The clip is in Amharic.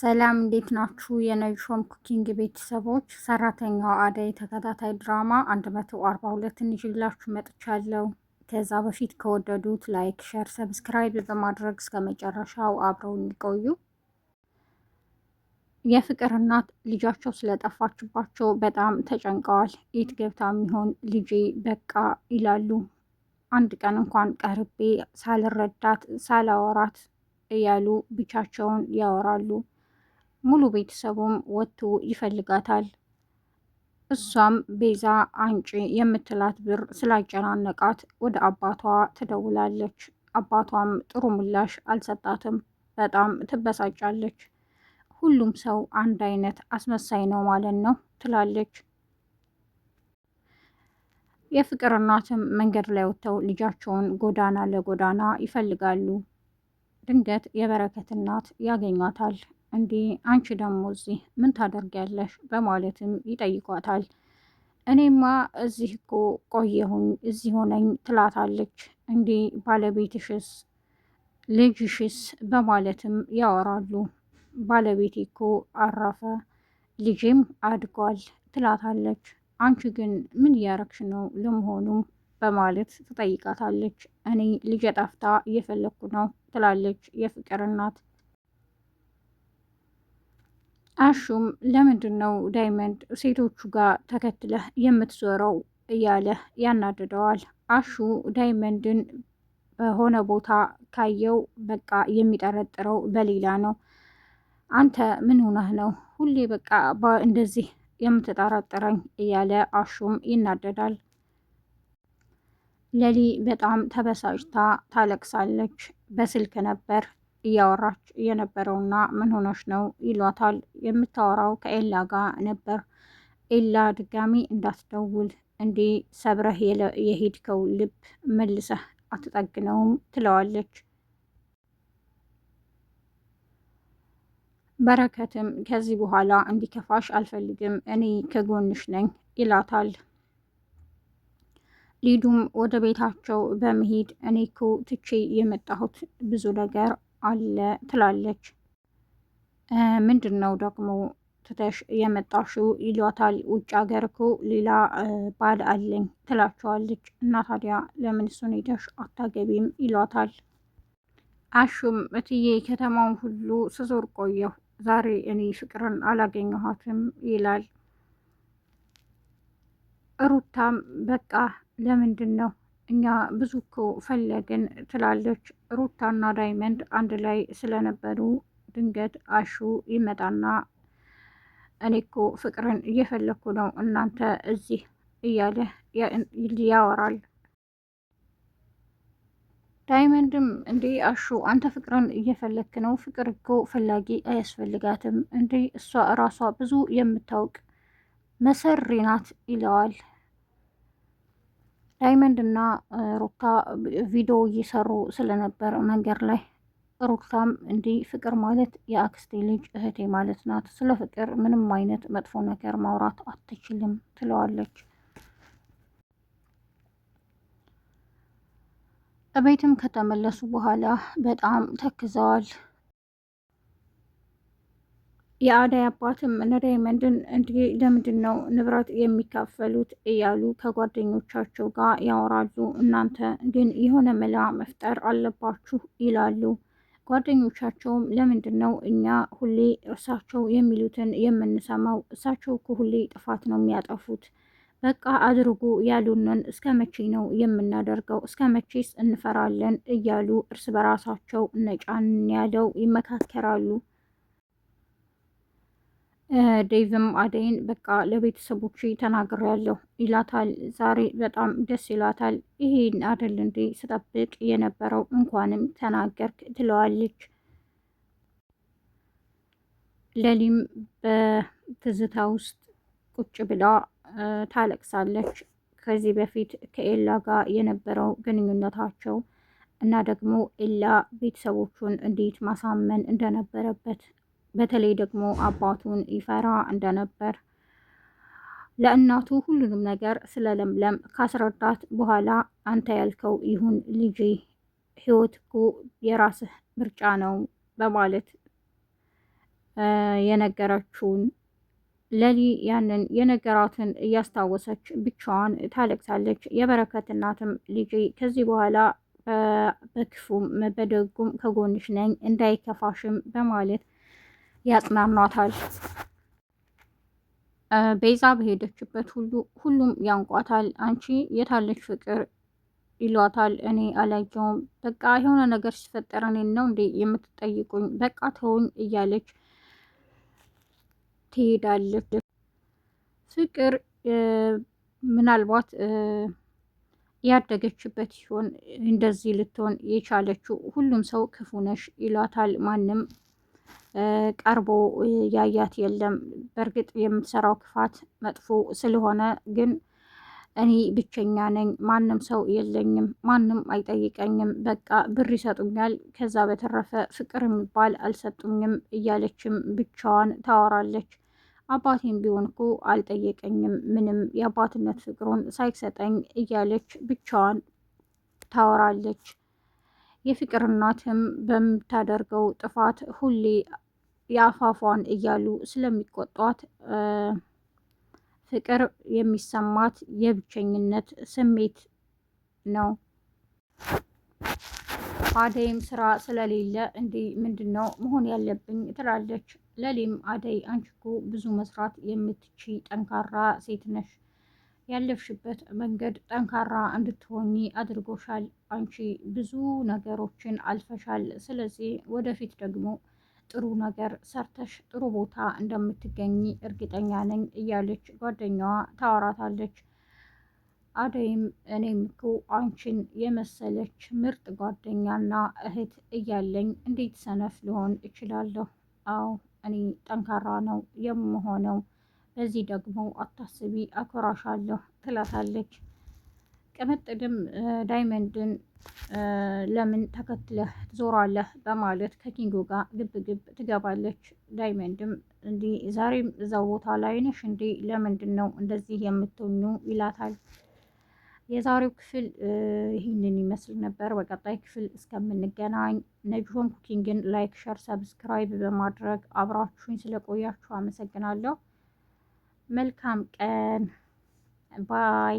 ሰላም እንዴት ናችሁ? የነሾም ኩኪንግ ቤተሰቦች፣ ሰራተኛዋ አደይ ተከታታይ ድራማ 142ን ይዤላችሁ መጥቻለሁ። ከዛ በፊት ከወደዱት ላይክ፣ ሸር፣ ሰብስክራይብ በማድረግ እስከ መጨረሻው አብረው እንዲቆዩ። የፍቅር እናት ልጃቸው ስለጠፋችባቸው በጣም ተጨንቀዋል። የት ገብታ የሚሆን ልጄ በቃ ይላሉ። አንድ ቀን እንኳን ቀርቤ ሳልረዳት ሳላወራት እያሉ ብቻቸውን ያወራሉ። ሙሉ ቤተሰቡም ወጥቶ ይፈልጋታል። እሷም ቤዛ አንጪ የምትላት ብር ስላጨናነቃት ወደ አባቷ ትደውላለች። አባቷም ጥሩ ምላሽ አልሰጣትም። በጣም ትበሳጫለች። ሁሉም ሰው አንድ አይነት አስመሳይ ነው ማለት ነው ትላለች። የፍቅር እናትም መንገድ ላይ ወጥተው ልጃቸውን ጎዳና ለጎዳና ይፈልጋሉ። ድንገት የበረከት እናት ያገኟታል። እንዴ አንቺ ደግሞ እዚህ ምን ታደርጊያለሽ? በማለትም ይጠይቋታል። እኔማ እዚህ እኮ ቆየሁኝ እዚህ ሆነኝ ትላታለች። እንዴ ባለቤትሽስ ልጅሽስ? በማለትም ያወራሉ። ባለቤቴ እኮ አረፈ ልጄም አድጓል ትላታለች። አንቺ ግን ምን እያረግሽ ነው ለመሆኑም? በማለት ትጠይቃታለች። እኔ ልጄ ጠፍታ እየፈለግኩ ነው ትላለች የፍቅር እናት አሹም ለምንድን ነው ዳይመንድ ሴቶቹ ጋር ተከትለህ የምትዞረው እያለ ያናድደዋል። አሹ ዳይመንድን በሆነ ቦታ ካየው በቃ የሚጠረጥረው በሌላ ነው። አንተ ምን ሆነህ ነው ሁሌ በቃ እንደዚህ የምትጠረጥረኝ? እያለ አሹም ይናደዳል። ለሊ በጣም ተበሳጭታ ታለቅሳለች። በስልክ ነበር እያወራች የነበረውና ምን ሆኖች ነው ይሏታል። የምታወራው ከኤላ ጋር ነበር። ኤላ ድጋሚ እንዳትደውል እንዲህ ሰብረህ የሄድከው ልብ መልሰህ አትጠግነውም ትለዋለች። በረከትም ከዚህ በኋላ እንዲከፋሽ አልፈልግም፣ እኔ ከጎንሽ ነኝ ይላታል። ሊዱም ወደ ቤታቸው በመሄድ እኔ እኮ ትቼ የመጣሁት ብዙ ነገር አለ ትላለች። ምንድን ነው ደግሞ ትተሽ የመጣሽው ይሏታል። ውጭ ሀገር እኮ ሌላ ባል አለኝ ትላቸዋለች። እና ታዲያ ለምን እሱን ሄደሽ አታገቢም ይሏታል። አሹም እትዬ ከተማውን ሁሉ ስዞር ቆየሁ፣ ዛሬ እኔ ፍቅርን አላገኘኋትም ይላል። ሩታም በቃ ለምንድን ነው እኛ ብዙ እኮ ፈለግን ትላለች ሩታና ዳይመንድ አንድ ላይ ስለነበሩ ድንገት አሹ ይመጣና እኔ እኮ ፍቅርን እየፈለግኩ ነው እናንተ እዚህ እያለ ያወራል። ዳይመንድም እንዴ አሹ አንተ ፍቅርን እየፈለግክ ነው? ፍቅር እኮ ፈላጊ አያስፈልጋትም እንዴ እሷ እራሷ ብዙ የምታውቅ መሰሪ ናት ይለዋል። ዳይመንድ እና ሩታ ቪዲዮ እየሰሩ ስለነበር መንገድ ላይ ሩታም እንዲህ ፍቅር ማለት የአክስቴ ልጅ እህቴ ማለት ናት፣ ስለ ፍቅር ምንም አይነት መጥፎ ነገር ማውራት አትችልም ትለዋለች። እቤትም ከተመለሱ በኋላ በጣም ተክዘዋል። የአደይ አባትም ለዳይመንድን እንዲህ ለምንድን ነው ንብረት የሚካፈሉት እያሉ ከጓደኞቻቸው ጋር ያወራሉ። እናንተ ግን የሆነ መላ መፍጠር አለባችሁ ይላሉ። ጓደኞቻቸውም ለምንድን ነው እኛ ሁሌ እርሳቸው የሚሉትን የምንሰማው? እሳቸው እኮ ሁሌ ጥፋት ነው የሚያጠፉት። በቃ አድርጉ ያሉንን እስከ መቼ ነው የምናደርገው? እስከ መቼስ እንፈራለን? እያሉ እርስ በራሳቸው ነጫን ያለው ይመካከራሉ። ዴቭም አደይን በቃ ለቤተሰቦች ተናግሬያለሁ ይላታል። ዛሬ በጣም ደስ ይላታል። ይሄን አደል እንዴ ስጠብቅ የነበረው እንኳንም ተናገርክ ትለዋለች። ለሊም በትዝታ ውስጥ ቁጭ ብላ ታለቅሳለች። ከዚህ በፊት ከኤላ ጋር የነበረው ግንኙነታቸው እና ደግሞ ኤላ ቤተሰቦቹን እንዴት ማሳመን እንደነበረበት በተለይ ደግሞ አባቱን ይፈራ እንደነበር ለእናቱ ሁሉንም ነገር ስለ ለምለም ካስረዳት በኋላ አንተ ያልከው ይሁን ልጄ፣ ህይወት እኮ የራስህ ምርጫ ነው በማለት የነገረችውን ለሊ ያንን የነገራትን እያስታወሰች ብቻዋን ታለቅሳለች። የበረከት እናትም ልጄ ከዚህ በኋላ በክፉም በደጉም ከጎንሽ ነኝ እንዳይከፋሽም በማለት ያጽናኗታል። ቤዛ በሄደችበት ሁሉ ሁሉም ያንቋታል። አንቺ የታለች ፍቅር ይሏታል። እኔ አላየውም። በቃ የሆነ ነገር ሲፈጠር እኔን ነው እንዴ የምትጠይቁኝ? በቃ ተውኝ እያለች ትሄዳለች። ፍቅር ምናልባት ያደገችበት ሲሆን እንደዚህ ልትሆን የቻለችው። ሁሉም ሰው ክፉ ነሽ ይሏታል። ማንም ቀርቦ ያያት የለም። በእርግጥ የምትሰራው ክፋት መጥፎ ስለሆነ ግን እኔ ብቸኛ ነኝ፣ ማንም ሰው የለኝም፣ ማንም አይጠይቀኝም፣ በቃ ብር ይሰጡኛል፣ ከዛ በተረፈ ፍቅር የሚባል አልሰጡኝም እያለችም ብቻዋን ታወራለች። አባቴም ቢሆን እኮ አልጠየቀኝም ምንም የአባትነት ፍቅሩን ሳይሰጠኝ እያለች ብቻዋን ታወራለች። የፍቅር እናትም በምታደርገው ጥፋት ሁሌ የአፋፏን እያሉ ስለሚቆጧት ፍቅር የሚሰማት የብቸኝነት ስሜት ነው። አደይም ስራ ስለሌለ እንዴ ምንድን ነው መሆን ያለብኝ ትላለች። ለሊም አደይ አንቺ እኮ ብዙ መስራት የምትቺ ጠንካራ ሴት ነሽ። ያለፍሽበት መንገድ ጠንካራ እንድትሆኚ አድርጎሻል። አንቺ ብዙ ነገሮችን አልፈሻል። ስለዚህ ወደፊት ደግሞ ጥሩ ነገር ሰርተሽ ጥሩ ቦታ እንደምትገኝ እርግጠኛ ነኝ እያለች ጓደኛዋ ታወራታለች። አደይም እኔም እኮ አንቺን የመሰለች ምርጥ ጓደኛና እህት እያለኝ እንዴት ሰነፍ ሊሆን እችላለሁ? አዎ እኔ ጠንካራ ነው የምሆነው። በዚህ ደግሞ አታስቢ፣ አኮራሻለሁ ትላታለች። ቅምጥልም ዳይመንድን ለምን ተከትለህ ትዞራለህ በማለት ከኪንጎ ጋር ግብ ግብ ትገባለች። ዳይመንድም እንዲህ ዛሬም እዛው ቦታ ላይ ነሽ እንዴ? ለምንድን ነው እንደዚህ የምትኙ? ይላታል። የዛሬው ክፍል ይህንን ይመስል ነበር። በቀጣይ ክፍል እስከምንገናኝ ነጂሆን ኩኪንግን ላይክ፣ ሸር፣ ሰብስክራይብ በማድረግ አብራችሁኝ ስለቆያችሁ አመሰግናለሁ። መልካም ቀን ባይ